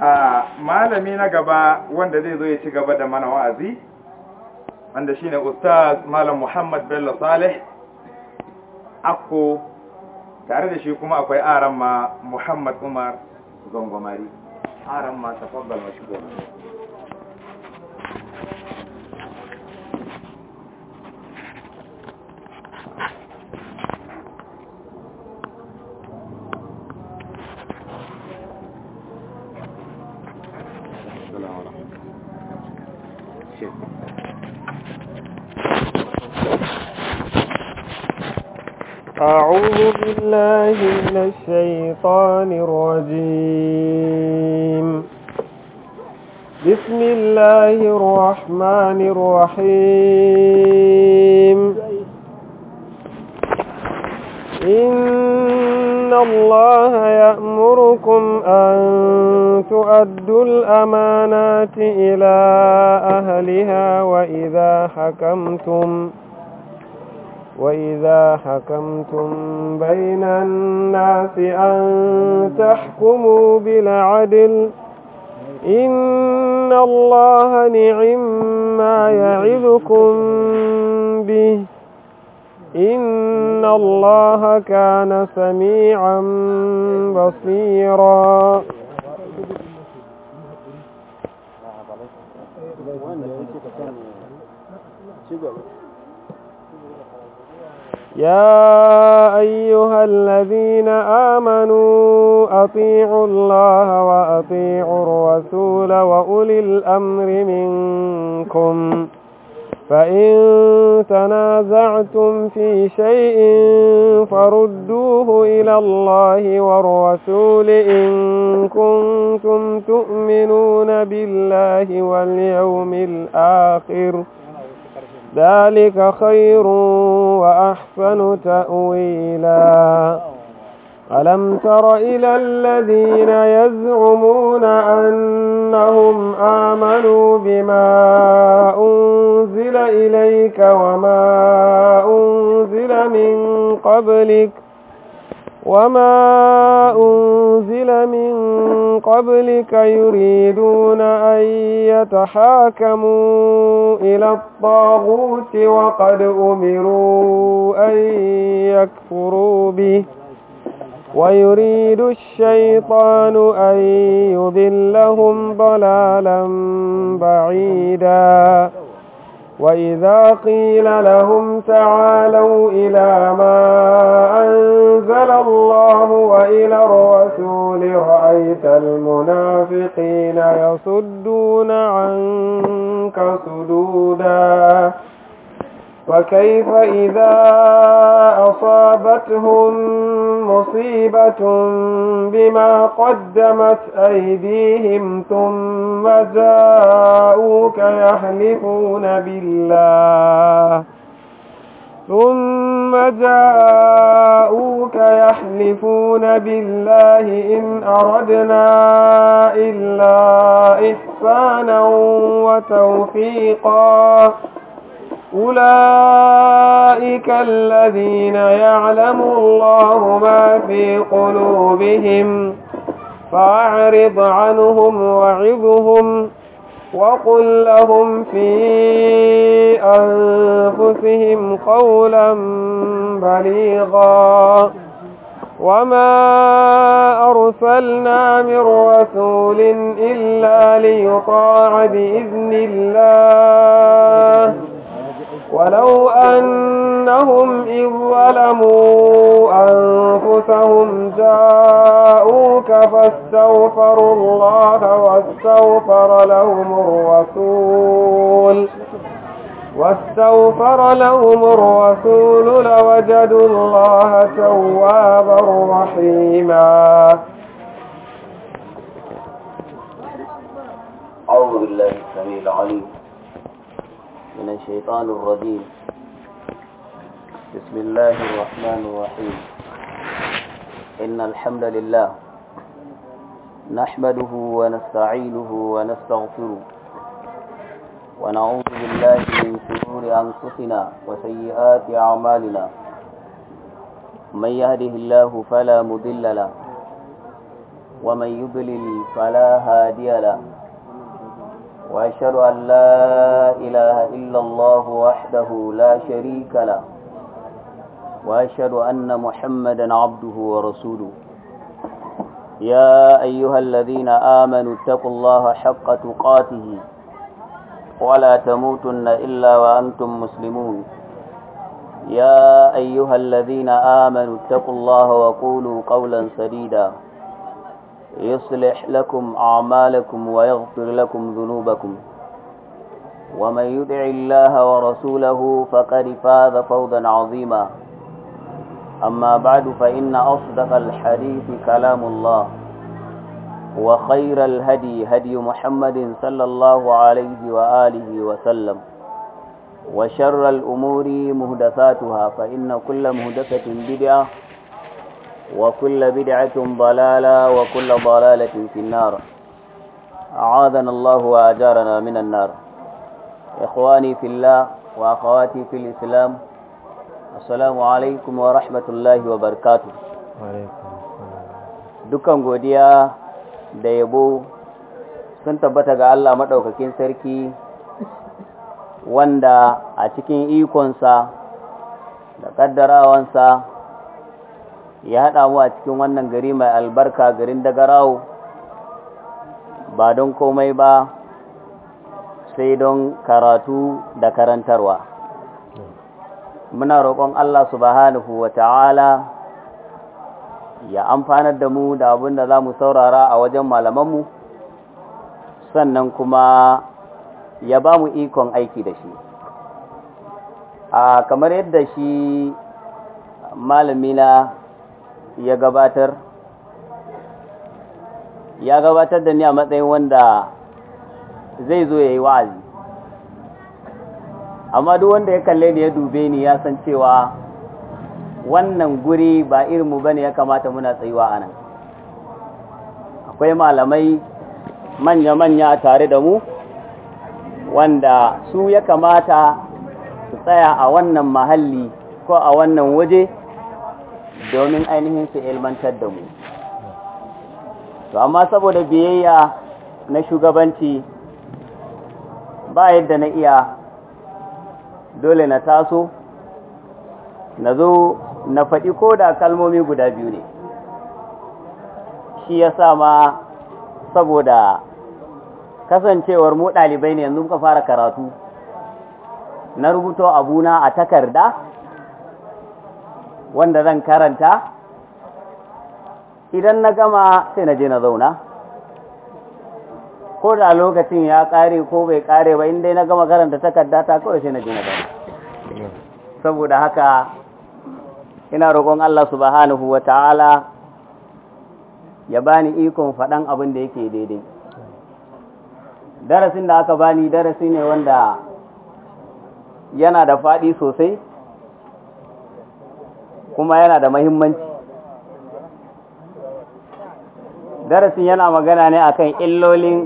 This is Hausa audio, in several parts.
a malami na gaba wanda zai zo ya ci gaba da mana wa'azi wanda shine ustaz malam Muhammad Bello Saleh akko tare da shi kuma akwai aran ma Muhammad Umar Zongomari aran ma tafaddal mashkura الشيطان الرجيم بسم الله الرحمن الرحيم إن الله يأمركم أن تؤدوا الأمانات إلى أهلها وإذا حكمتم وإذا حكمتم بين الناس أن تحكموا بالعدل إن الله نعم ما يعظكم به إن الله كان سميعا بصيرا يا أيها الذين آمنوا أطيعوا الله وأطيعوا الرسول وأولي الأمر منكم فإن تنازعتم في شيء فردوه إلى الله والرسول إن كنتم تؤمنون بالله واليوم الآخر ۖ ذلك خير وأحسن تأويلا ألم تر إلى الذين يزعمون أنهم آمنوا بما أنزل إليك وما أنزل من قبلك وما أنزل من قبلك يريدون أن يتحاكموا إلى الطاغوت وقد أمروا أن يكفروا به ويريد الشيطان أن يضلهم ضلالا بعيدا وإذا قيل لهم تعالوا إلى ما أنزل الله وإلى الرسول رأيت المنافقين يصدون عنك صدوداً وكيف إذا أصابتهم مصيبة بما قدمت أيديهم ثم جاءوك يحلفون بالله ثم جاءوك يحلفون بالله إن أردنا إلا إحسانا وتوفيقا أولئك الذين يعلم الله ما في قلوبهم فأعرض عنهم وعظهم وقل لهم في أنفسهم قولا بليغا وما أرسلنا من رسول إلا ليطاع بإذن الله ولو أنهم إذ ظلموا أنفسهم جاءوك فاستغفروا الله واستغفر لهم الرسول واستغفر لهم الرسول لوجدوا الله توابا رحيما أعوذ بالله السميع العليم من الشيطان الرجيم بسم الله الرحمن الرحيم إن الحمد لله نحمده ونستعينه ونستغفره ونعوذ بالله من شرور أنفسنا وسيئات أعمالنا من يهده الله فلا مضل له ومن يضلل فلا هادي له وأشهد أن لا إله إلا الله وحده لا شريك له وأشهد أن محمدا عبده ورسوله يا أيها الذين آمنوا اتقوا الله حق تقاته ولا تموتن إلا وأنتم مسلمون يا أيها الذين آمنوا اتقوا الله وقولوا قولا سديدا يصلح لكم أعمالكم ويغفر لكم ذنوبكم ومن يدع الله ورسوله فقد فاز فوزا عظيما أما بعد فإن أصدق الحديث كلام الله وخير الهدي هدي محمد صلى الله عليه وآله وسلم وشر الأمور مهدثاتها فإن كل مهدثة بدعة وكل بدعة ضلالة وكل ضلالة في النار أعاذنا الله وأجارنا من النار إخواني في الله وأخواتي في الإسلام السلام عليكم ورحمة الله وبركاته دكان godiya da yabo sun tabbata ga Allah maɗaukakin sarki wanda a cikin ikonsa da ƙaddarawansa ya haɗa mu a cikin wannan gari mai albarka garin rawo, ba don komai ba sai don karatu da karantarwa muna roƙon Allah subhanahu wa ta'ala ya amfanar da mu da abin da za mu saurara a wajen malamanmu sannan kuma ya ba mu ikon aiki da shi a kamar yadda shi malamina ya gabatar ya gabatar da ni a matsayin wanda zai zo ya yi wa'azi amma duk wanda ya kalle ni ya dube ni ya san cewa wannan guri ba irinmu bane ya kamata muna tsayuwa a nan akwai malamai manya-manya tare da mu wanda su ya kamata su tsaya a wannan mahalli ko a wannan waje domin ainihin su ilmantar da mu to amma saboda biyayya na shugabanci ba yadda na iya dole na taso na zo na faɗi ko da kalmomi guda biyu ne shi ya sa ma saboda kasancewar mu ɗalibai ne yanzu muka fara karatu na rubuto abuna a takarda wanda zan karanta idan na gama sai na je na zauna ko da lokacin ya kare ko bai kare ba inda na gama karanta takarda ta kawai sai na je na zauna saboda haka ina roƙon Allah subhanahu wa ta'ala ya bani ikon faɗan abin da yake daidai darasin da aka bani darasi ne wanda yana da faɗi sosai kuma yana da mahimmanci darasin yana magana ne akan illolin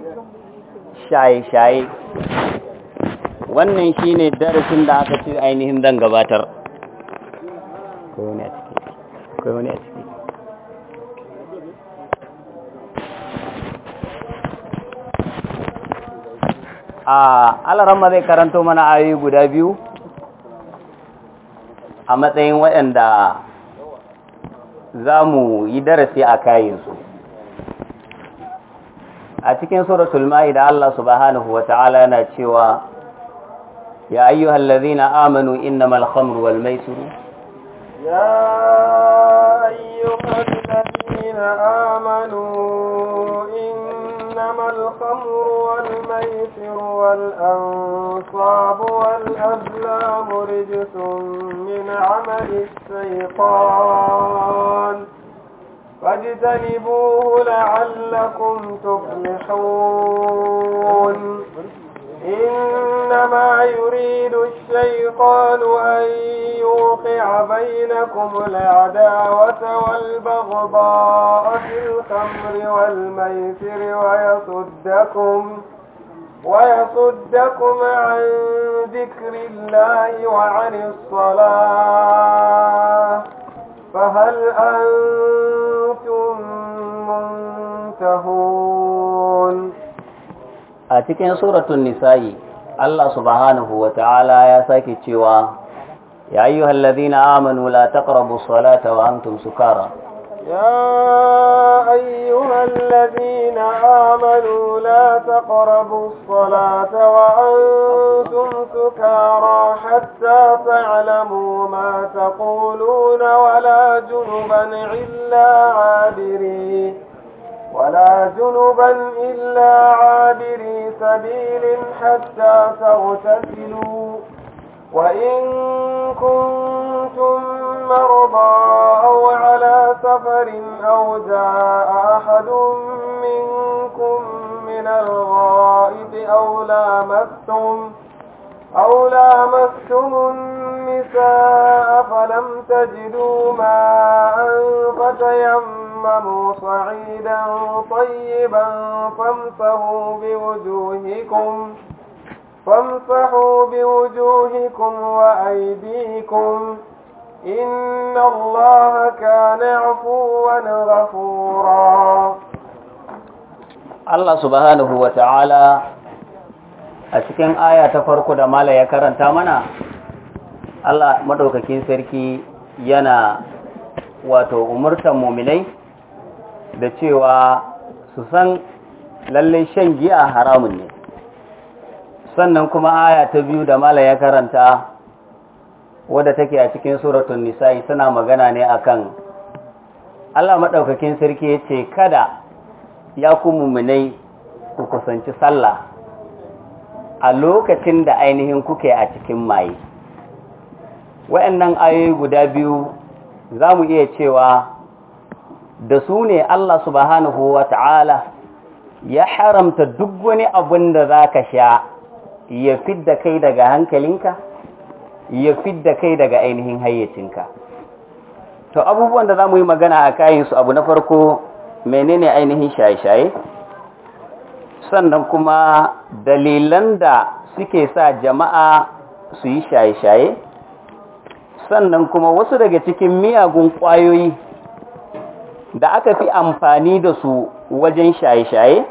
shaye-shaye wannan shine darasin da aka ci ainihin zan gabatar a alarama zai karanto mana ayoyi guda biyu a matsayin waɗanda za mu yi darasi a kayansu a cikin suratul ma'ida Allah subhanahu wa ta'ala yana cewa ya ayyuhal ladhina amanu innamal khamru wal maisiru ya ayyuhal ladhina amanu والخمر والميسر والأنصاب والأزلام رجس من عمل الشيطان فاجتنبوه لعلكم تفلحون إنما يريد الشيطان أن يوقع بينكم العداوة والبغضاء في الخمر والميسر ويصدكم ويصدكم عن ذكر الله وعن الصلاة فهل أنتم منتهون a cikin suratun nisa'i Allah subhanahu wa ta'ala ya sake cewa ya yi hallazina amanu la taqrabu salata wa antum sukara يا أيها الذين آمنوا لا تقربوا الصلاة وأنتم سكارى حتى تعلموا ما تقولون ولا جنبا إلا عابرين ولا جنبا إلا عابري سبيل حتى تغتسلوا وإن كنتم مرضى أو على سفر أو جاء أحد منكم من الغائب أو لامستم أو لامستم النساء فلم تجدوا ماء فتيمموا فامهلوا صعيدا طيبا فامسحوا بوجوهكم فامسحوا بوجوهكم وأيديكم إن الله كان عفوا غفورا الله سبحانه وتعالى a cikin aya ta farko da mala ya karanta mana Allah madaukakin sarki yana wato umurtan muminai da cewa su san lallai shan giya haramun ne sannan kuma aya ta biyu da mala ya karanta wadda take a cikin suratun nisa'i suna magana ne akan Allah maɗaukakin sarki ya ce kada ya ku mummunai ku kusanci sallah a lokacin da ainihin kuke a cikin maye wa'annan ayoyi guda biyu za mu iya cewa da su ne Allah subhanahu wa ta'ala ya haramta duk wani abin da za ka sha ya fidda kai daga hankalinka ya fidda kai daga ainihin hayyacinka to abubuwan da za mu yi magana a kayansu abu na farko menene ainihin shaye-shaye sannan kuma dalilan da suke sa jama'a su yi shaye-shaye sannan kuma wasu daga cikin miyagun ƙwayoyi da aka fi amfani da su wajen shaye-shaye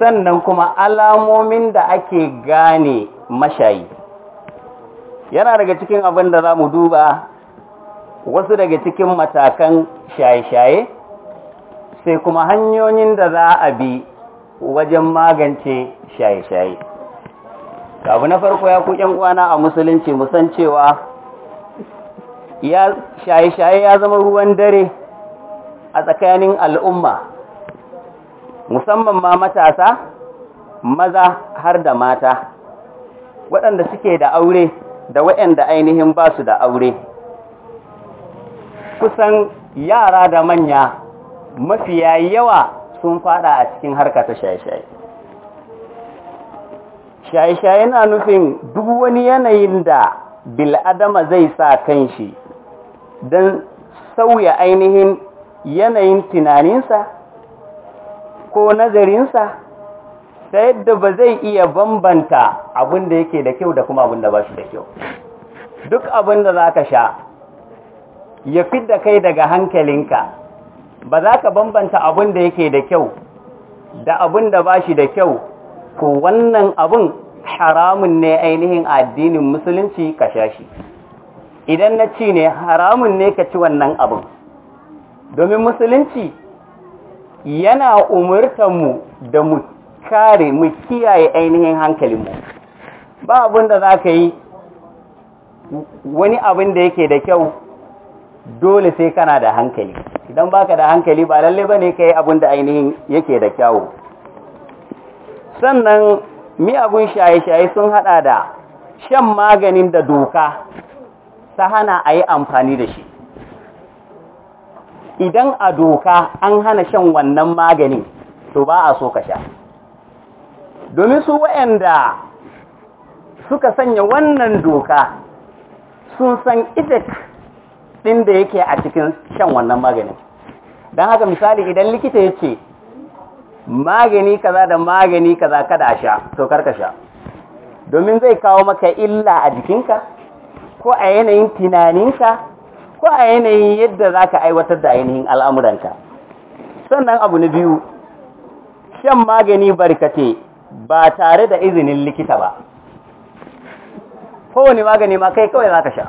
sannan kuma alamomin da ake gane mashayi yana daga cikin abin da za mu duba wasu daga cikin matakan shaye-shaye sai kuma hanyoyin da za a bi wajen magance shaye-shaye abu na farko ya ku uwana a musulunci musan cewa shaye-shaye ya zama ruwan dare a tsakanin al'umma musamman ma matasa maza har da mata waɗanda suke da aure da waɗanda ainihin ba su da aure kusan yara da manya mafiya yawa sun fada a cikin harka ta shaye-shaye shaye-shaye na nufin duk wani yanayin da bil'adama zai sa kan shi don sauya ainihin yanayin tunaninsa ko nazarinsa ta yadda ba zai iya bambanta abin da yake da kyau da kuma abin da ba shi da kyau duk abin da za ka sha ya da kai daga hankalinka ba za ka bambanta abin da yake da kyau da abin da ba shi da kyau ko wannan abin haramun ne ainihin addinin musulunci ka sha shi idan na ci ne haramun ne ka ci wannan abin domin musulunci yana umurtanmu da mu kare mu kiyaye ainihin hankalinmu ba abin da za ka yi wani abin da yake da kyau dole sai kana da hankali idan baka da hankali ba lalle ba ne ka yi abin da ainihin yake da kyau sannan miyagun shaye-shaye sun hada da shan maganin da doka ta hana a yi amfani da shi idan a doka an hana shan wannan maganin to ba a so ka sha domin su waɗanda suka sanya wannan doka sun san idik ɗin da yake a cikin shan wannan maganin don haka misali idan likita ya ce magani kaza da magani kaza kada sha to karka sha domin zai kawo maka illa a jikinka ko a yanayin tunaninka ko a yanayin yadda za ka aiwatar da ainihin al'amuranka sannan abu na biyu shan magani barkate ba tare da izinin likita ba kowane magani ma kai kawai za ka sha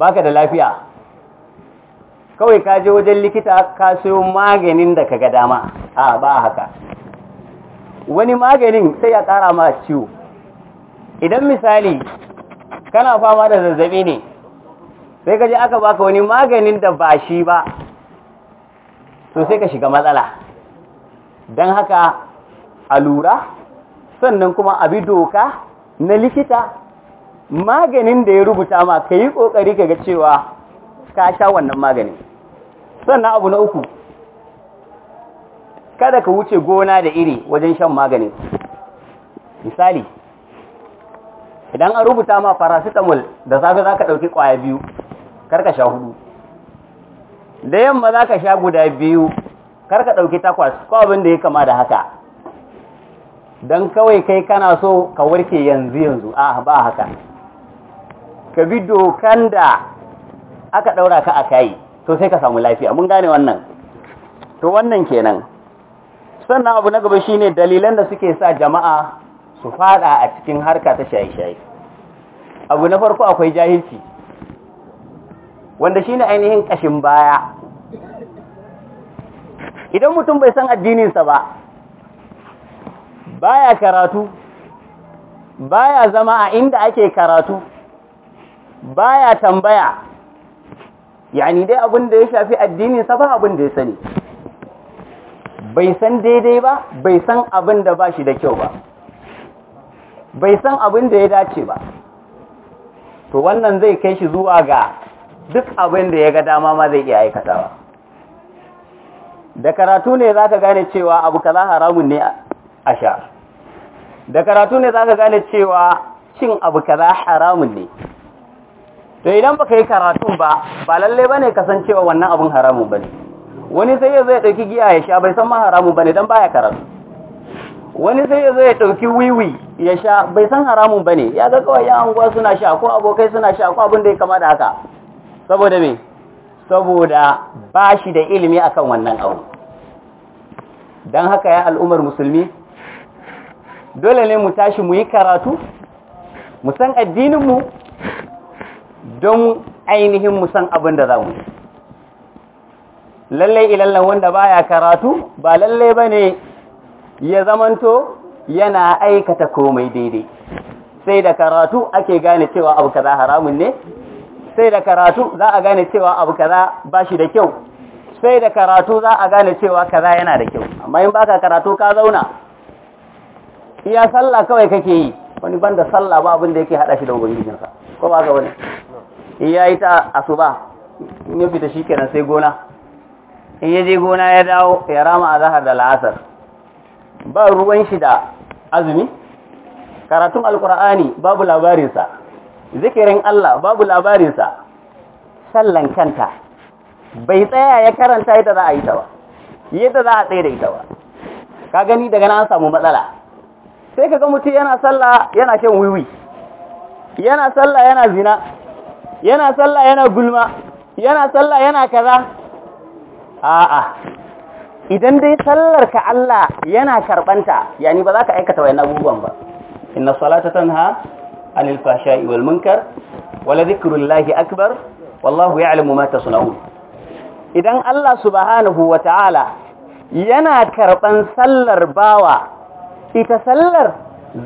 Ba ka da lafiya kawai ka je wajen likita ka sayo maganin da ka ga dama a ba haka wani maganin sai ya ƙara ma ciwo idan misali kana fama da zazzabi ne sai ka je aka baka wani maganin da ba shi ba to sai ka shiga matsala don haka a lura sannan kuma abi doka na likita maganin da ya rubuta ma ka yi ƙoƙari ka ga cewa ka sha wannan maganin sannan abu na uku kada ka wuce gona da iri wajen shan maganin misali idan an rubuta ma paracetamol da safe za ka ɗauki ƙwaya biyu karka sha hudu da yamma za ka sha guda biyu karka ɗauki takwas ko abin da ya kama da haka don kawai kai kana so ka warke yanzu yanzu a ah, ba haka ka bi dokan da aka ɗaura ka a kayi to sai ka samu lafiya mun gane wannan to wannan kenan sannan abu na gaba shine dalilan da suke sa jama'a su fada a cikin harka ta shaye-shaye abu na farko akwai jahilci wanda shine ainihin kashin baya idan mutum bai san addininsa ba baya karatu baya zama a inda ake karatu baya tambaya yani dai abin da ya shafi addininsa ba abin da ya sani bai san daidai ba bai san abin da ba shi da kyau ba bai san abin da ya dace ba to wannan zai kai shi zuwa ga duk abin da ya ga dama ma zai iya aikatawa da karatu ne za ka gane cewa abu kaza haramun ne a sha da karatu ne za ka gane cewa cin abu kaza haramun ne to idan baka yi karatun ba ba lalle bane kasancewa wannan abun haramun bane wani sai ya zo ya dauki giya ya sha bai san ma haramun bane dan baya karatu wani sai ya zo ya dauki wiwi ya sha bai san haramun bane ya ga kawai yan anguwa suna sha ko abokai suna sha ko abin da ya kama da haka saboda me saboda ba shi da ilimi akan wannan abu don haka ya al'ummar musulmi dole ne mu tashi mu yi karatu mu san mu don ainihin mu san abin da za mu lallai ilallan wanda baya karatu ba lallai bane ya zamanto yana aikata komai daidai sai da karatu ake gane cewa abu kaza haramun ne sai da karatu za a gane cewa abu kaza bashi da kyau sai da karatu za a gane cewa kaza yana da kyau amma in baka karatu ka zauna iya sallah kawai kake yi wani banda sallah ba abin da yake hada shi da ubangijinsa ko ba ga wani iya yi ta asuba in yi fita shi kenan sai gona in yaje gona ya dawo ya rama a zahar da la'asar ba ruwan shi da azumi karatun alkur'ani babu labarinsa zikirin Allah babu labarinsa sallan kanta bai tsaya ya karanta yadda za a yi ta ba yadda za a tsaye da ita ba ka gani daga nan samu matsala sai ka ga mutum yana sallah yana shan wiwi yana sallah yana zina yana sallah yana gulma yana sallah yana kaza a'a idan dai sallar ka Allah yana karbanta yani ba za ka aikata wayan abubuwan ba inna salata tanha anil fashai wal munkar wala dhikrullahi akbar wallahu ya'lamu ma tasna'un idan Allah subhanahu wata'ala yana karban sallar bawa ita sallar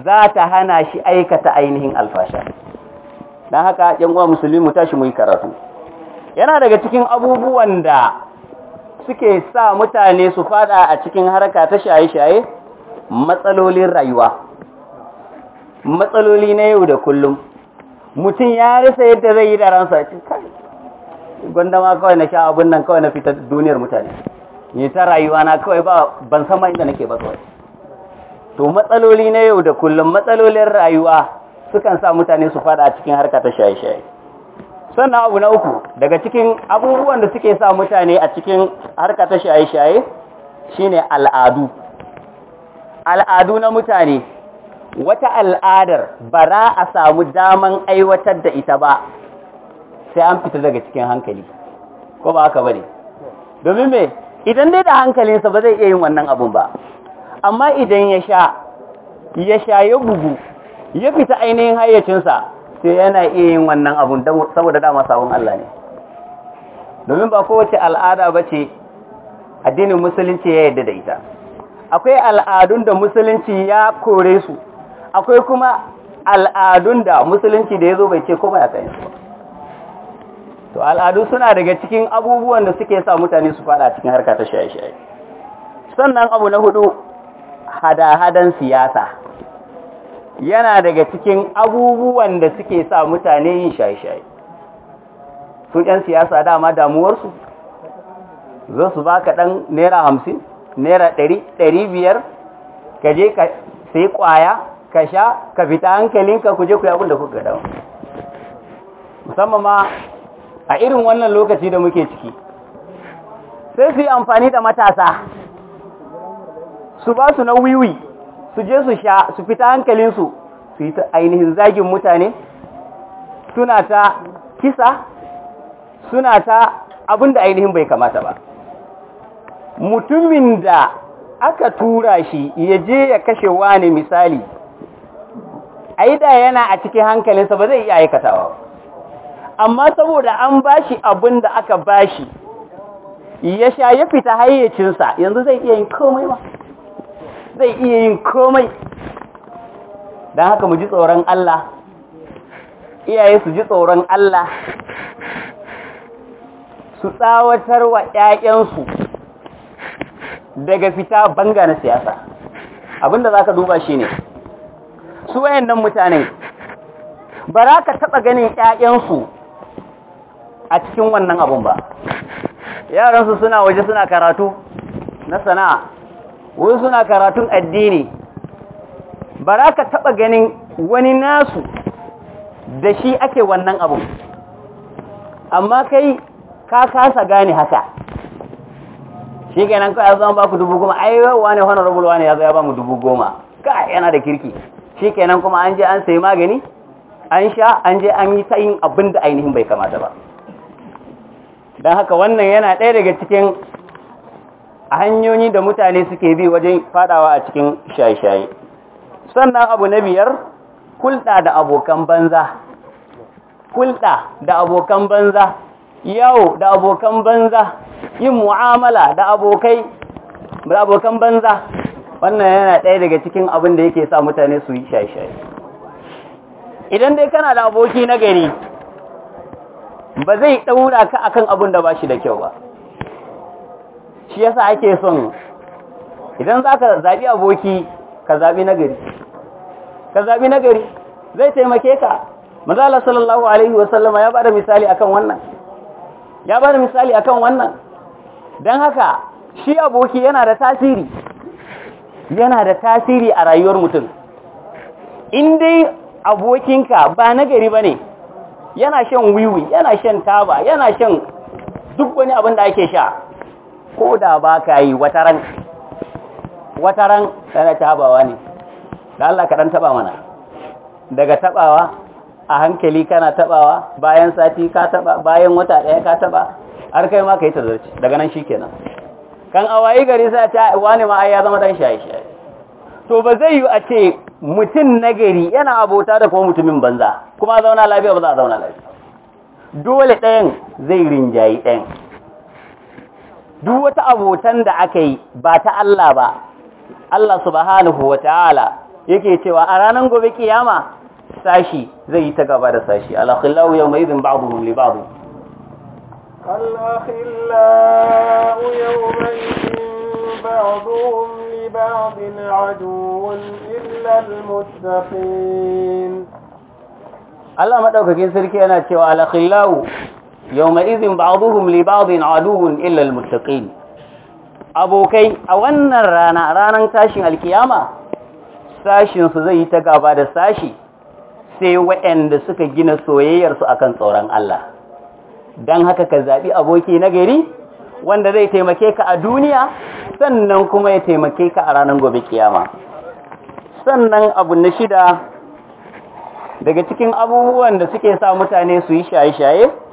za ta hana shi aikata ainihin alfasha don haka yan uwa musulmi mu tashi mu yi karatu yana daga cikin abubuwan da suke sa mutane su fada a cikin harka ta shaye-shaye matsalolin rayuwa matsaloli na yau da kullum mutum ya rasa yadda zai yi da ransa ce kai gwanda ma kawai na sha abin nan kawai na fita duniyar mutane ne ta rayuwa na kawai ba ban sama inda nake ba kawai to matsaloli na yau da kullum matsalolin rayuwa sukan sa mutane su fada a cikin harka ta shaye-shaye sannan abu na uku daga cikin abubuwan da suke sa mutane a cikin harka ta shaye-shaye shine al'adu al'adu na mutane wata al'adar ba za a samu daman aiwatar da ita ba sai an fita daga cikin hankali ko ba haka ne? domin me idan dai da hankalinsa ba zai iya yin wannan abun ba amma idan ya sha ya sha ya bugu ya fita ainihin hayyacinsa to yana iya yin wannan abun saboda dama sabon Allah ne domin ba kowace al'ada ba ce addinin musulunci ya yarda da ita akwai al'adun da musulunci ya kore su akwai kuma al'adun da musulunci da ya zo bai ce kuma ya kai to al'adu suna daga cikin abubuwan da suke sa mutane su fada cikin harka ta shaye-shaye sannan abu na hudu hada-hadan siyasa yana daga cikin abubuwan da suke sa mutane yin shaye-shaye su ‘yan siyasa dama damuwarsu za su ba ka ɗan naira hamsin naira ɗari ɗari biyar ka je ka sai ƙwaya ka sha ka fita hankalinka ku je ku yaƙun da kuka dawo musamman ma a irin wannan lokaci da muke ciki sai su yi amfani da matasa su ba su na wiwi su je su sha su fita hankalinsu su yi ta ainihin zagin mutane suna ta kisa suna ta abin da ainihin bai kamata ba mutumin da aka tura shi ya je ya kashe wani misali aida yana a cikin hankalinsa ba zai iya aikatawa amma saboda an bashi abin da aka ba shi, ya sha ya fita hayyacinsa yanzu zai iya yin komai ba zai iya yin komai don haka mu ji tsoron Allah iyaye su ji tsoron Allah su tsawatar wa ‘ya'yansu daga fita banga na siyasa abinda za ka duba shi ne su wayannan mutane ba za ka taɓa ganin ‘ya'yansu a cikin wannan abin ba yaransu suna waje suna karatu na sana'a wani suna karatun addini ba za ka taɓa ganin wani nasu da shi ake wannan abu amma kai ka kasa gane haka shi kenan kawai zama ba ku dubu goma ai wani honorable wane ya wani ya ba mu dubu goma ka yana da kirki shi kenan kuma an je an sai magani an sha an je an yi ta yin abin da ainihin bai kamata ba don haka wannan yana ɗaya daga cikin hanyoyi da mutane suke bi wajen fadawa a cikin shaye-shaye sannan abu na biyar kulɗa da abokan banza kulɗa da abokan banza yawo da abokan banza yin mu'amala da abokai da abokan banza wannan yana ɗaya daga cikin abin da yake sa mutane su yi shaye-shaye idan dai kana da aboki na gari ba zai ɗaura ka akan abin da ba shi da kyau ba shi yasa ake son idan za ka zaɓi aboki ka zaɓi nagari ka zaɓi nagari zai taimake ka mazala sallallahu alaihi wasallama ya bada misali akan wannan ya bada misali akan wannan don haka shi aboki yana da tasiri yana da tasiri a rayuwar mutum in dai abokinka ba nagari ba ne yana shan wiwi yana shan taba yana shan duk wani abin da ake sha ko da ba ka yi wataran wataran yana ta habawa ne da Allah ka dan taba mana daga tabawa a hankali kana tabawa bayan sati ka taba bayan wata ɗaya ka taba har kai ma ta tazarci daga nan shi kenan. kan awayi gari sa ta wani ma ai ya zama dan shaye shaye to ba zai yi a ce mutum na gari yana abota da kuma mutumin banza kuma zauna lafiya ba za a zauna lafiya dole ɗayan zai rinjayi ɗayan duk wata abotan da aka yi ba ta Allah ba Allah subhanahu wa ta'ala yake cewa a ranar gobe kiyama sashi zai yi ta gaba da sashi alakhillahu yawma idhin ba'dhum babu ba'd alakhillahu yawma idhin ba'dhum li ba'd aduwwun illa almuttaqin Allah madaukakin sarki yana cewa alakhillahu yawma'izin ba'duhum li ba'din illal illa illal abokai a wannan rana ranar tashin alkiyama sashinsu zai yi ta gaba da sashi sai waɗanda suka gina soyayyarsu akan tsoron Allah dan haka ka zaɓi aboki na gari wanda zai taimake ka a duniya sannan kuma ya taimake ka a ranar gobe kiyama sannan abu na shida daga cikin abubuwan da suke sa mutane su yi shaye-shaye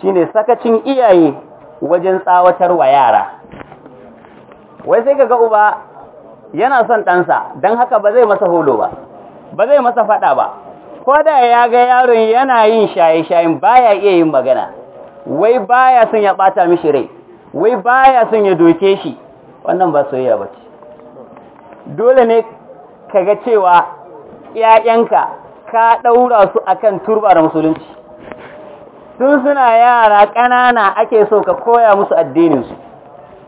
shine sakacin iyaye wajen tsawatar wa yara wai sai ka kaga uba yana son ɗansa don haka ba zai masa holo ba ba zai masa faɗa ba ko da ya ga yaron yana yin shaye-shayen baya iya yin magana wai baya son ya ɓata mishi rai wai baya son ya doke shi wannan ba soyayya ba ce dole ne kaga cewa ‘ya'yanka ka ɗaura su akan turba da musulunci tun suna yara ƙanana ake so ka koya musu addininsu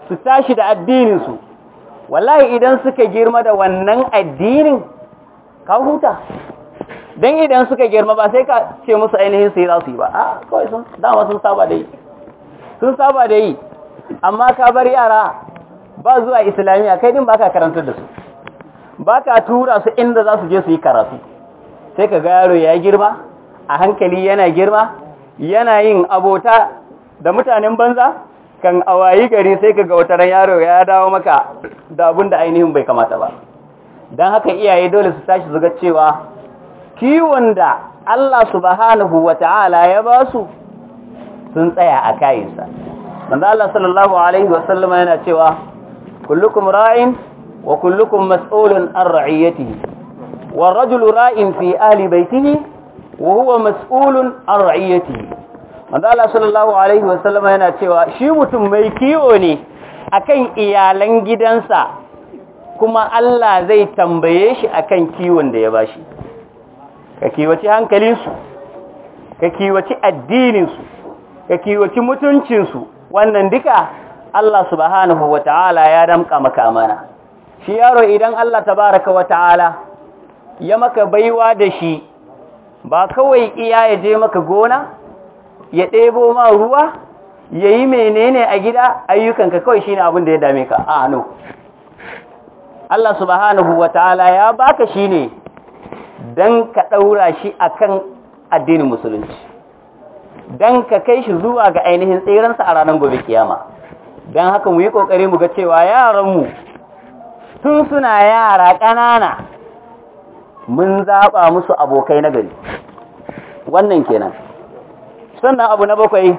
su tashi da addininsu wallahi idan suka girma da wannan addinin ka huta don idan suka girma ba sai ka ce musu ainihin su yi za su yi ba a kawai sun dama sun saba da yi sun saba da yi amma ka bar yara ba zuwa islamiyya kai din ba ka karantar da su ba ka tura su inda za su je su yi karatu sai ka ga yaro ya girma a hankali yana girma yana yin abota da mutanen banza kan awayi gari sai kaga wata ran yaro ya dawo maka da abin da ainihin bai kamata ba don haka iyaye dole su tashi zuga cewa kiwon da Allah subhanahu ta'ala ya ba su sun tsaya a kayinsa manzo Allah sallallahu alaihi wasallama yana cewa kullukum ra'in wa kullukum mas'ulun an ra'iyatihi ra'in راء في bai بيته wa huwa mas'ulun an ra'iyatihi manzo Allah sallallahu alaihi wasallam yana cewa shi mutum mai kiwo ne akan iyalan gidansa kuma Allah zai tambaye shi akan kiwon da ya bashi ka kiwaci hankalinsu ka kiwaci addininsu ka kiwaci mutuncinsu wannan duka Allah subhanahu ta'ala ya damka maka amana shi yaro idan Allah tabaraka ta'ala ya maka baiwa da shi ba kawai iya ya je maka gona ya ɗebo ma ruwa ya yi menene a gida ayyukanka kawai shi ne abin da ya dame ka a no Allah subhanahu wa ta'ala ya baka shi ne don ka ɗaura shi a kan addinin musulunci don ka kai shi zuwa ga ainihin tseransa a ranar gobe kiyama don haka mu yi ƙoƙari mu ga cewa yaranmu tun suna yara ƙanana mun zaɓa musu abokai na gari wannan kenan sannan abu na bakwai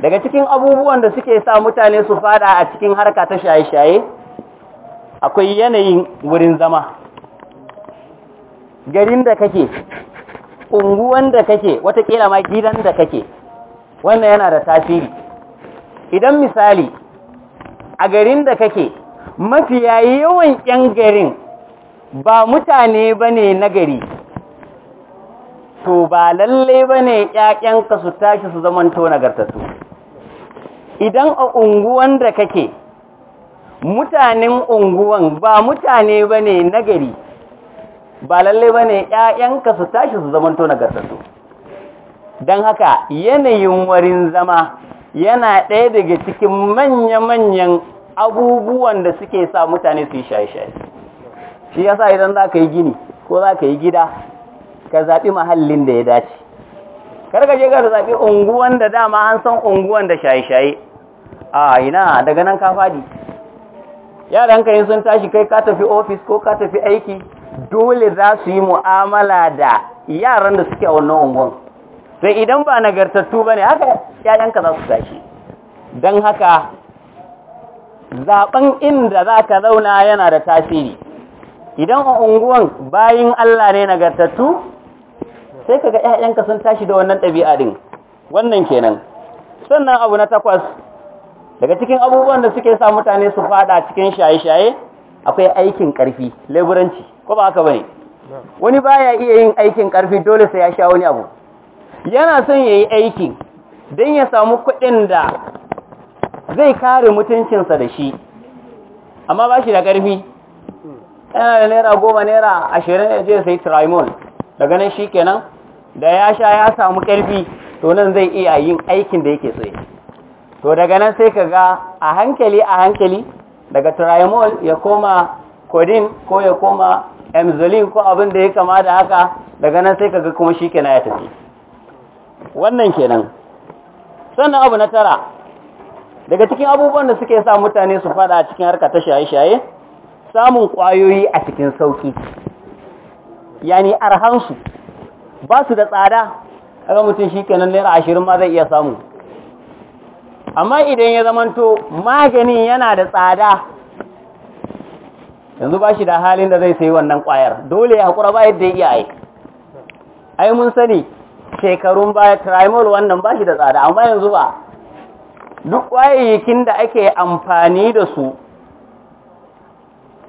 daga cikin abubuwan da suke sa mutane su fada a cikin harka ta shaye-shaye akwai yanayin wurin zama garin da kake unguwan da kake watakila ma gidan da kake wannan yana da tasiri idan misali a garin da kake mafiya yawan 'yan garin ba mutane ba ne na gari to ba lallai ba ne ƴaƴanka su tashi su zamanto nagartattu idan a unguwan da kake mutanen unguwan ba mutane ba ne nagari ba lallai ba ne ƴaƴanka su tashi su zamanto nagartattu don haka yanayin warin zama yana ɗaya daga cikin manya-manyan abubuwan da suke sa mutane su yi shaye-shaye shi yasa idan za ka yi gini ko za ka yi gida ka zaɓi mahallin da ya dace karka je ka zaɓi unguwan da dama an san unguwan da shaye-shaye a ina daga nan ka faɗi yaranka yin sun tashi kai ka tafi ofis ko ka tafi aiki dole za su yi mu'amala da yaran da suke a wannan unguwan sai idan ba nagartattu ba ne haka yayanka za su tashi don haka zaɓen inda za ka zauna yana da tasiri idan a unguwan bayin Allah ne nagartattu sai kaga ƴaƴanka sun tashi da wannan ɗabi'a din wannan kenan sannan abu na takwas daga cikin abubuwan da suke sa mutane su fada cikin shaye-shaye akwai aikin ƙarfi leburanci ko ba haka bane wani baya iya yin aikin ƙarfi dole sai ya sha wani abu yana son yayi aiki don ya samu kuɗin da zai kare mutuncinsa da shi amma ba shi da ƙarfi yana da naira goma naira ashirin ya je sai trimol daga nan shi kenan da ya sha ya samu ƙarfi to nan zai iya yin aikin da yake tsaye to daga nan sai ka ga a hankali a hankali daga trimol ya koma codeine ko ya koma emzolin ko abin da ya kama da haka daga nan sai ka ga kuma shi na ya tafi wannan kenan sannan abu na tara daga cikin abubuwan da suke sa mutane su fada a cikin harka ta shaye-shaye samun ƙwayoyi a cikin sauki yani arhansu ba su da tsada kaga mutum shi kenan naira ashirin ma zai iya samu amma idan ya zamanto maganin yana da tsada yanzu ba shi da halin da zai sayi wannan kwayar dole ya haƙura ba yadda ya yi ai mun sani shekarun baya trimol wannan ba shi da tsada amma yanzu ba duk kwayayyakin da ake amfani da su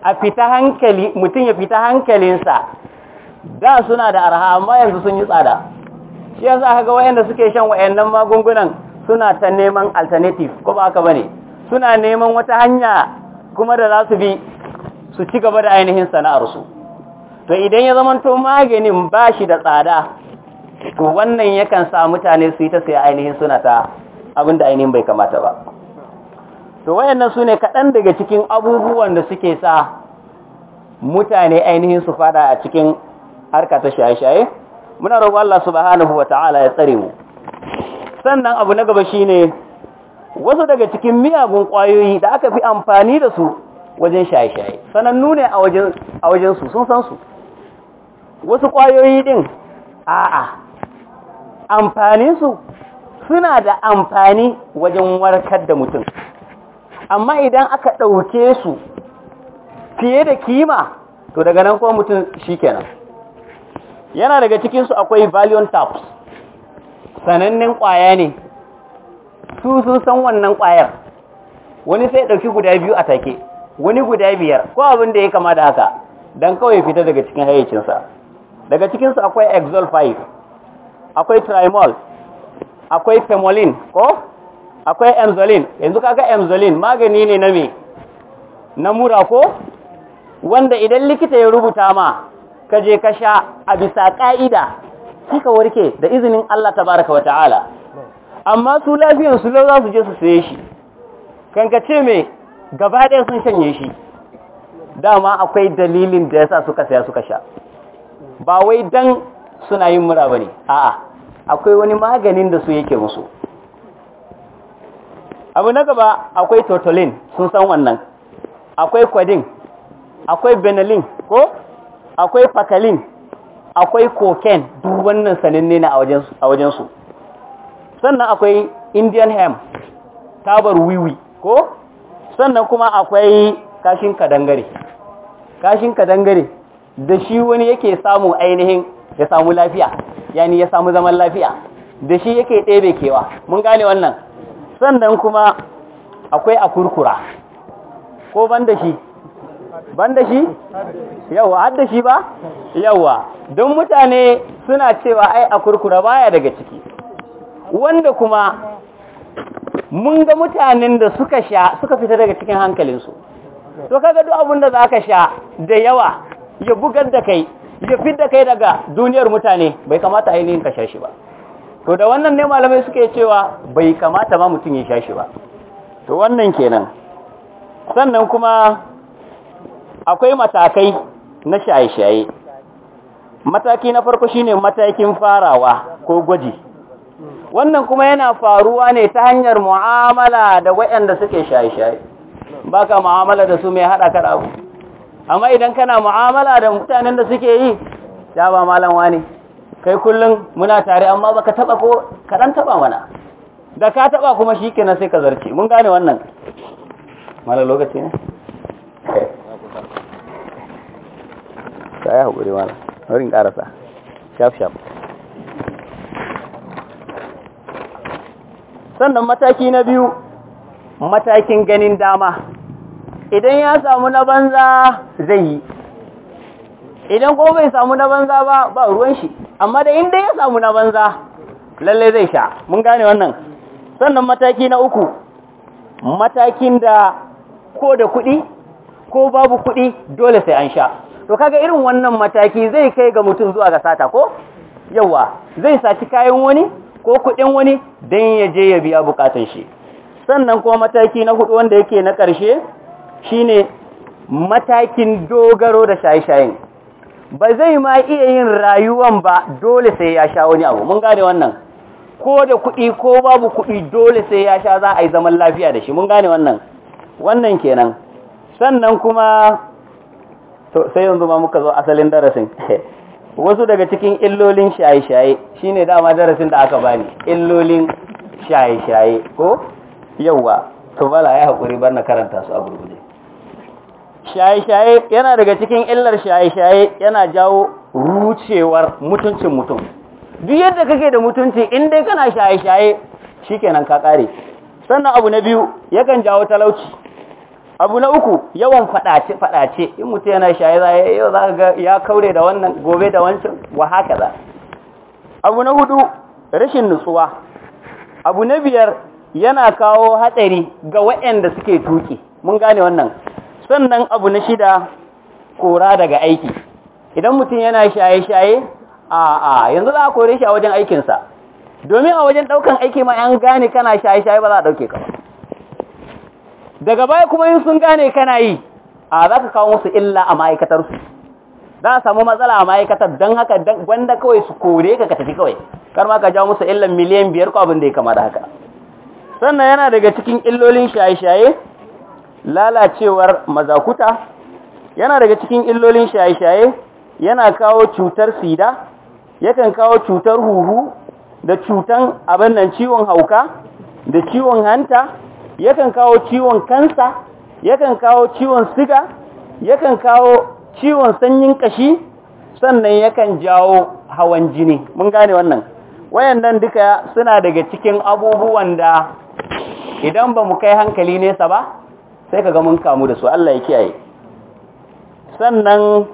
a fita hankali mutum ya fita hankalinsa da suna da arha amma yanzu sun yi tsada shi yasa aka ga wayanda suke shan wayannan magungunan suna ta neman alternative ko ba haka bane suna neman wata hanya kuma da za su bi su ci gaba da ainihin sana'ar su to idan ya zama to maganin shi da tsada to wannan yakan sa mutane su yi ta sai ainihin suna ta abinda ainihin bai kamata ba to wayannan sune kaɗan daga cikin abubuwan da suke sa mutane ainihin su fada a cikin harka ta shaye-shaye muna roƙo Allah subhanahu wata'ala ya tsare mu sannan abu na gaba shine wasu daga cikin miyagun ƙwayoyi da aka fi amfani da su wajen shaye-shaye sanannu ne a wajen su sun san su wasu ƙwayoyi din a'a amfanin su suna da amfani wajen warkar da mutum amma idan aka ɗauke su fiye da kima to daga nan kuma mutum shi kenan yana daga cikinsu akwai valion taps sanannen ƙwaya ne su sun san wannan ƙwayar wani sai ɗauki guda biyu a take wani guda biyar ko abin da ya kama da haka don kawai fita daga cikin hayyacinsa daga cikinsu akwai exol 5 akwai trimol akwai femolin ko akwai emzolin yanzu kaga emzolin magani ne na me na mura ko wanda idan likita ya rubuta ma ka je ka sha a bisa ƙa'ida sai ka warke da izinin Allah tabaraka wa ta'ala amma su lafiyan su lau za su je su saye shi kankace mai gaba ɗaya sun shanye shi dama akwai dalilin da ya sa suka saya suka sha ba wai dan suna yin mura ne a'a akwai wani maganin da su yake musu abu na gaba akwai tortolin sun san wannan akwai kwadin akwai benelin ko akwai fatalin akwai koken duk wannan sananne na a wajensu sannan akwai indian ham tabar wiwi ko sannan kuma akwai kashin kadangare kashin kadangare da shi wani yake samu ainihin ya samu lafiya yani ya samu zaman lafiya da shi yake ɗebe kewa mun gane wannan sannan kuma akwai akurkura ko ban da shi ban da shi yawa har da shi ba yawa don mutane suna cewa ai a kurkura baya daga ciki wanda kuma mun ga mutanen da suka sha suka fita daga cikin hankalinsu to kaga duk abin da za ka sha da yawa ya bugar da kai ya fi da kai daga duniyar mutane bai kamata ainihin ka sha shi ba to da wannan ne malamai suke cewa bai kamata ma mutum ya sha shi ba to wannan kenan sannan kuma akwai matakai na shaye-shaye mataki na farko shine matakin farawa ko gwaji wannan kuma yana faruwa ne ta hanyar mu'amala da waɗanda suke shaye-shaye ba ka mu'amala da su mai haɗa kaɗa abu amma idan kana mu'amala da mutanen da suke yi ya ba malam wani kai kullum muna tare amma ba ka taɓa ko kaɗan taɓa mana da ka taɓa kuma shi kenan sai ka zarce mun gane wannan malar lokaci ne ka ya haƙuri mana wurin ƙarasa shaf shaf sannan mataki na biyu matakin ganin dama idan ya samu na banza zai yi idan ko bai samu na banza ba ba ruwan shi amma da inda ya samu na banza lalle zai sha mun gane wannan sannan mataki na uku matakin da ko da kuɗi ko babu kuɗi dole sai an sha to kaga irin wannan mataki zai kai ga mutum zuwa ga sata ko yawa zai saci kayan wani ko kuɗin wani dan ya je ya biya bukatun shi sannan kuma mataki na hudu wanda yake na ƙarshe shine matakin dogaro da shaye shaye ba zai ma iya yin rayuwan ba dole sai ya sha wani abu mun gane wannan ko da kuɗi ko babu kuɗi dole sai ya sha za a yi zaman lafiya da shi mun gane wannan wannan kenan sannan kuma to sai yanzu ma muka zo asalin darasin wasu daga cikin illolin shaye-shaye shine dama darasin da aka bani illolin shaye-shaye ko yawa to bala ya hakuri bar na karanta su a gurguje shaye-shaye yana daga cikin illar shaye-shaye yana jawo rucewar mutuncin mutum duk yadda kake da mutunci in dai kana shaye-shaye shikenan ka kare sannan abu na biyu yakan jawo talauci abu na uku yawan fadace-fadace in mutu yana shaye za ya za ga ya kaure da wannan gobe da wancan wa haka za abu na hudu rashin nutsuwa abu na biyar yana kawo hatsari ga waɗanda suke tuki mun gane wannan sannan abu na shida kora daga aiki idan mutum yana shaye-shaye a a yanzu za a kore shi a wajen aikinsa domin a wajen ɗaukan aiki ma yan gane kana shaye-shaye ba za a ɗauke ka ba daga baya kuma yin sun gane kana yi a za ka kawo musu illa a ma'aikatarsu za a samu matsala a ma'aikatar don haka wanda kawai su kore ka ka tafi kawai kar ma ka jawo musu illan miliyan biyar ko abin da ya kama da haka sannan yana daga cikin illolin shaye-shaye lalacewar mazakuta yana daga cikin illolin shaye-shaye yana kawo cutar sida yakan kawo cutar huhu da cutan abin nan ciwon hauka da ciwon hanta yakan kawo ciwon kansa yakan kawo ciwon siga yakan kawo ciwon sanyin kashi sannan yakan jawo hawan jini mun gane wannan wayannan duka suna daga cikin abubuwan da idan ba mu kai hankali nesa ba sai ka mun kamu da su Allah ya kiyaye sannan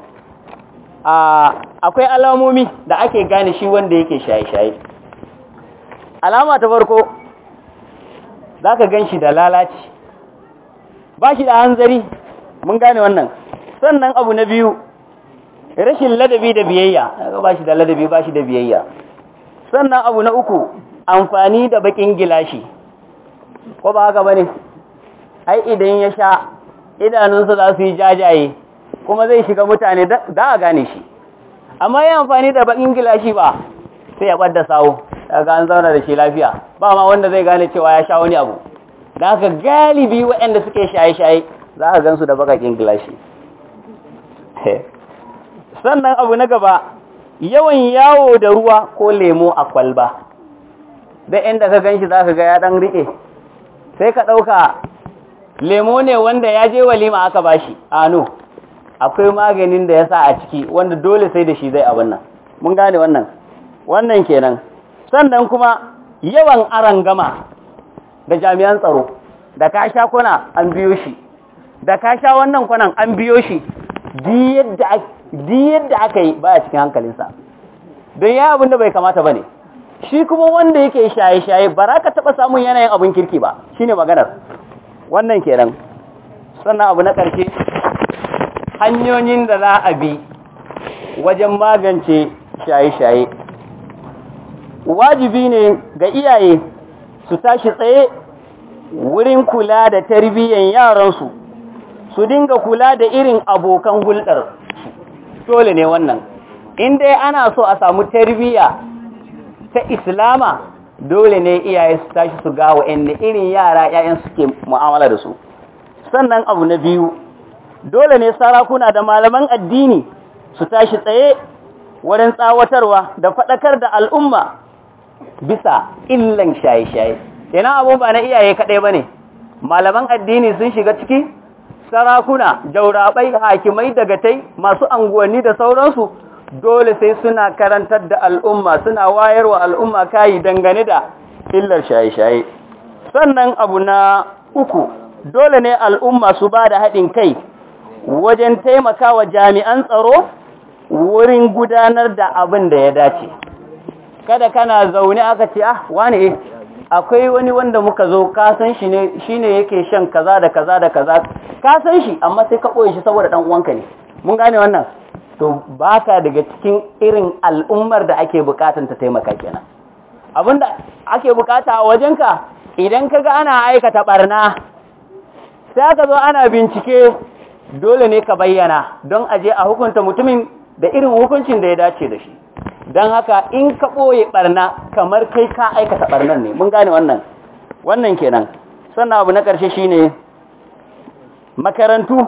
akwai alamomi da ake gane shi wanda yake shaye-shaye alama ta farko za ka gan shi da lalaci ba shi da hanzari mun gane wannan sannan abu na biyu rashin ladabi da biyayya ba shi da ladabi ba shi da biyayya sannan abu na uku amfani da bakin gilashi ko ba haka ba ne ai idan ya sha idanunsa za su yi jajaye kuma zai shiga mutane da a gane shi amma ya amfani da bakin gilashi ba sai ya ɓadda sawo daga an zauna da shi lafiya ba ma wanda zai gane cewa ya sha wani abu da aka galibi waɗanda suke shaye-shaye za a gansu da bakakin gilashi sannan abu na gaba yawan yawo da ruwa ko lemo a kwalba da inda ka ganshi za ka ga ya ɗan riƙe sai ka ɗauka lemo ne wanda ya je walima aka bashi ano akwai maganin da ya sa a ciki wanda dole sai da shi zai abin nan mun gane wannan wannan kenan sannan kuma yawan gama da jami'an tsaro da ka sha kuna an biyo shi da ka sha wannan kwanan an biyo shi di yadda aka yi baya cikin hankalinsa don ya abin da bai kamata ba ne shi kuma wanda yake shaye-shaye ba za ka taɓa samun yanayin abin kirki ba shi ne maganar wannan kenan sannan abu na ƙarshe hanyoyin da za a bi wajen magance shaye-shaye wajibi ne ga iyaye su tashi tsaye wurin kula da tarbiyyar yaransu su dinga kula da irin abokan hulɗar dole ne wannan in dai ana so a samu tarbiyya ta islama dole ne iyaye su tashi su gawa inda irin yara yayan suke mu'amala da su sannan abu na biyu dole ne sarakuna da malaman addini su tashi tsaye wurin tsawatarwa da faɗakar da al'umma bisa illan shaye-shaye kenan abun ba na iyaye kaɗai ba ne malaman addini sun shiga ciki sarakuna jaurabai hakimai dagatai masu anguwanni da sauransu dole sai suna karantar da al'umma suna wayarwa al'umma kayi dangane da illar shaye-shaye sannan abu na uku dole ne al'umma su ba da haɗin kai wajen taimakawa jami'an tsaro wurin gudanar da abin da ya dace kada kana zaune aka ce ah wane eh, akwai wani wanda muka zo ka san shi ne shine yake shan kaza da kaza da kaza ka san shi amma sai ka koyi shi saboda dan uwanka ne mun gane wannan to baka daga cikin irin al'ummar da ake bukatun ta taimaka kenan abinda ake bukata a wajenka idan kaga ana aikata barna sai aka zo ana bincike dole ne ka bayyana don aje a hukunta mutumin da irin hukuncin da ya dace da shi don haka in ka ɓoye ɓarna kamar kai ka aikata ɓarnar ne mun gane wannan wannan kenan sannan abu na ƙarshe shine makarantu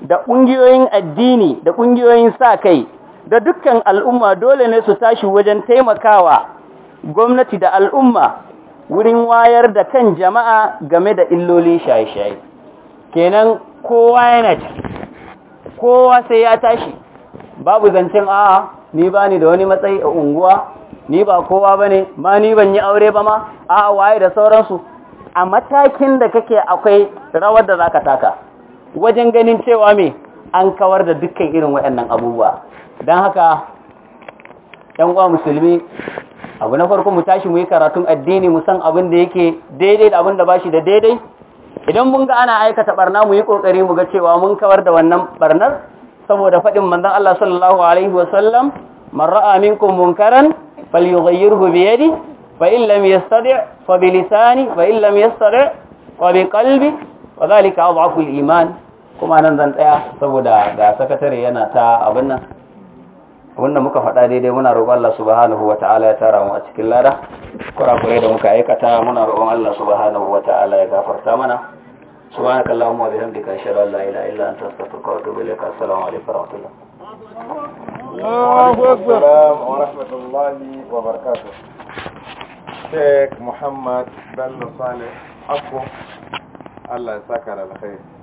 da ƙungiyoyin addini da ƙungiyoyin sa kai da dukkan al'umma dole ne su tashi wajen taimakawa gwamnati da al'umma wurin wayar da kan jama'a game da illoli shaye-shaye kenan kowa yana ci kowa sai ya tashi babu zancen a ni ba ni da wani matsayi a unguwa ni ba kowa ba ne ma ni ban yi aure ba ma a waye da sauransu a matakin da kake akwai rawar da zaka taka wajen ganin cewa me an kawar da dukkan irin waɗannan abubuwa don haka ‘yan uwa musulmi abu na farko mu tashi mu yi karatun addini mu san abin da yake daidai da abin da bashi da daidai idan mun ga ana aikata barna mu yi kokari mu ga cewa mun kawar da wannan barnar saboda faɗin manzon Allah sallallahu alaihi wasallam man ra'a minkum munkaran falyughayyirhu bi yadi fa in lam yastadi' fa bi lisani fa in lam yastadi' fa bi qalbi wa dhalika adhafu al-iman kuma nan zan tsaya saboda da sakatare yana ta abin nan wanda muka faɗa daidai muna roƙon Allah subhanahu ta'ala ya tara mu a cikin lada kurakure da muka aikata muna roƙon Allah subhanahu ta'ala ya gafarta mana سبحانك اللهم وبحمدك أشهد أن لا إله إلا أنت أستغفرك وأتوب إليك السلام عليكم ورحمة الله الله أكبر السلام ورحمة الله وبركاته شيخ محمد بن صالح أبو الله يساك على الخير